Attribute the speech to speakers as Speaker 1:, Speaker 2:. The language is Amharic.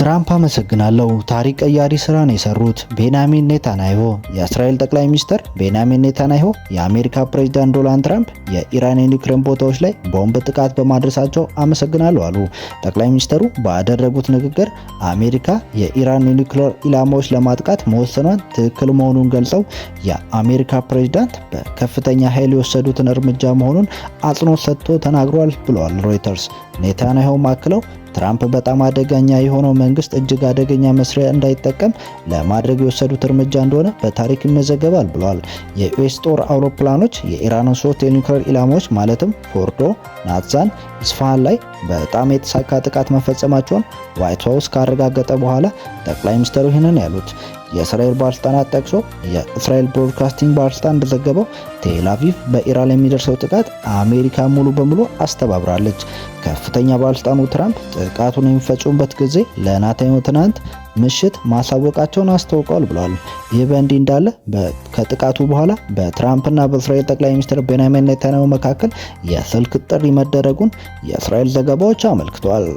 Speaker 1: ትራምፕ አመሰግናለሁ፣ ታሪክ ቀያሪ ስራ ነው የሰሩት። ቤንያሚን ኔታንያሁ። የእስራኤል ጠቅላይ ሚኒስትር ቤንያሚን ኔታንያሁ የአሜሪካ ፕሬዚዳንት ዶናልድ ትራምፕ የኢራን የኒውክሌር ቦታዎች ላይ ቦምብ ጥቃት በማድረሳቸው አመሰግናለሁ አሉ። ጠቅላይ ሚኒስትሩ ባደረጉት ንግግር አሜሪካ የኢራን የኒውክሌር ኢላማዎች ለማጥቃት መወሰኗን ትክክል መሆኑን ገልጸው የአሜሪካ ፕሬዚዳንት በከፍተኛ ኃይል የወሰዱትን እርምጃ መሆኑን አጽንኦት ሰጥቶ ተናግሯል ብለዋል ሮይተርስ። ኔታንያሁ አክለው ትራምፕ በጣም አደገኛ የሆነው መንግስት እጅግ አደገኛ መስሪያ እንዳይጠቀም ለማድረግ የወሰዱት እርምጃ እንደሆነ በታሪክ ይመዘገባል ብለዋል። የዩኤስ ጦር አውሮፕላኖች የኢራንን ሶስት የኒውክሌር ኢላማዎች ማለትም ፎርዶ፣ ናትዛን፣ ኢስፋሃን ላይ በጣም የተሳካ ጥቃት መፈጸማቸውን ዋይት ሀውስ ካረጋገጠ በኋላ ጠቅላይ ሚኒስትሩ ይህንን ያሉት የእስራኤል ባለስልጣናት ጠቅሶ የእስራኤል ብሮድካስቲንግ ባለስልጣን እንደዘገበው ቴል አቪቭ በኢራን የሚደርሰው ጥቃት አሜሪካ ሙሉ በሙሉ አስተባብራለች። ከፍተኛ ባለስልጣኑ ትራምፕ ጥቃቱን የሚፈጽሙበት ጊዜ ለናታኞ ትናንት ምሽት ማሳወቃቸውን አስታውቀዋል ብለዋል። ይህ በእንዲህ እንዳለ ከጥቃቱ በኋላ በትራምፕና በእስራኤል ጠቅላይ ሚኒስትር ቤንያሚን ኔታንያሁ መካከል የስልክ ጥሪ መደረጉን የእስራኤል ዘገባዎች አመልክተዋል።